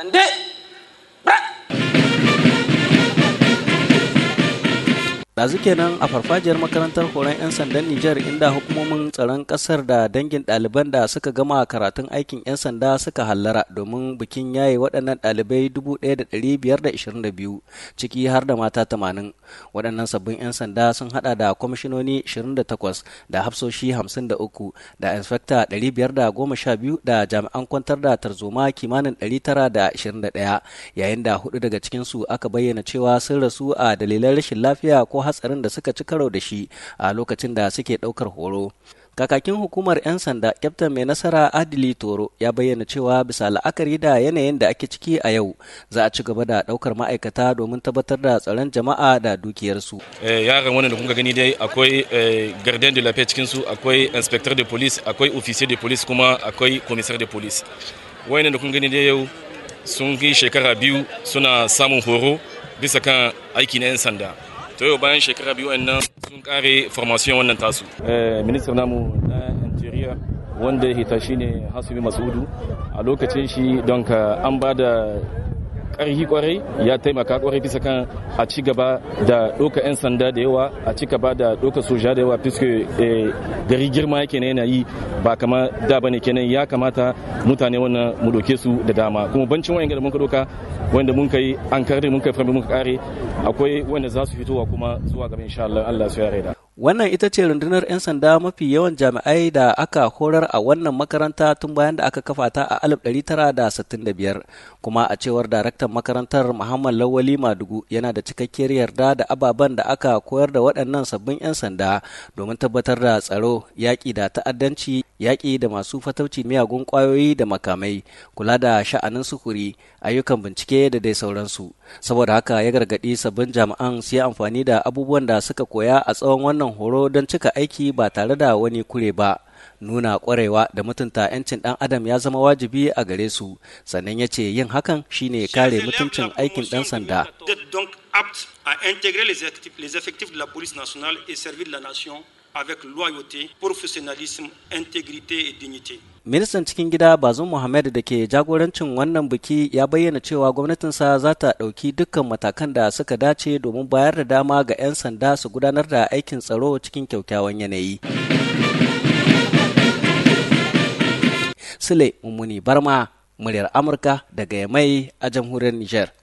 났는데 ɗazu kenan a farfajiyar makarantar horon 'yan sandan Nijar inda hukumomin tsaron ƙasar da dangin ɗaliban da suka gama karatun aikin 'yan sanda suka hallara domin bikin yaye waɗannan ɗalibai 1,522 ciki har da mata 80. Waɗannan sabbin 'yan sanda sun haɗa da kwamishinoni 28 da hafsoshi 53 da inspekta 512 da jami'an kwantar da tarzoma kimanin 921 yayin da hudu daga cikinsu aka bayyana cewa sun rasu a dalilan rashin lafiya ko hatsarin da suka ci karo da shi a lokacin da suke ɗaukar horo. Kakakin hukumar 'yan sanda Kyaftin mai nasara Adili Toro ya bayyana cewa bisa la'akari da yanayin da ake ciki a yau za a ci gaba da ɗaukar ma'aikata domin tabbatar da tsaron jama'a da dukiyarsu. Eh, yaran wannan da kuka gani dai akwai eh, gardien de la paix cikinsu akwai inspecteur de police akwai officier de police kuma akwai commissaire de police. Wayannan da kun gani dai yau sun yi shekara biyu suna samun horo bisa kan aiki na 'yan sanda to yau bayan shekara biyu nan sun kare formation wannan tasu eh, ministan namu na interior wanda ya hita shine hasumi masudu a lokacin shi don ka an ba da karfi kwarai ya taimaka kwarai bisa kan a ci gaba da doka 'yan sanda da yawa a ci gaba da doka soja da yawa fiske eh, gari girma yake na yanayi ba kama da bane kenan ya kamata mutane wannan mu doke su da dama kuma bancin wayan da muka doka wanda mun kai an kare mun kai farmi mun kare akwai wanda za su fitowa kuma zuwa gaba insha Allah Allah su ya da Wannan ita ce rundunar 'yan sanda mafi yawan jami'ai da aka horar a wannan makaranta tun bayan da aka kafa ta a 1965 kuma a cewar daraktan makarantar Muhammad Lawali Madugu yana da cikakkiyar yarda da ababen da aka koyar da waɗannan sabbin 'yan sanda domin tabbatar da tsaro, yaƙi da ta'addanci, yaƙi da masu fatauci miyagun ƙwayoyi da makamai, kula da sha'anin sukuri ayyukan bincike da dai sauransu. Saboda haka ya gargaɗi sabbin jami'an su yi amfani da abubuwan da suka koya a tsawon wannan wannan horo don cika aiki ba tare da wani kure ba nuna kwarewa da mutunta 'yancin ɗan adam ya zama wajibi a gare su sannan ya ce yin hakan shine kare mutuncin aikin ɗan sanda à intégrer les effectifs la police nationale et servir la nation avec loyauté, professionnalisme, intégrité et dignité. Ministan cikin gida Bazum Muhammad da ke jagorancin wannan biki ya bayyana cewa gwamnatinsa za ta ɗauki dukkan matakan da suka dace domin bayar da dama ga 'yan sanda su gudanar da aikin tsaro cikin kyaukyawan yanayi. Sule Mummuni Barma, muryar Amurka daga Yamai a jamhuriyar Nijar.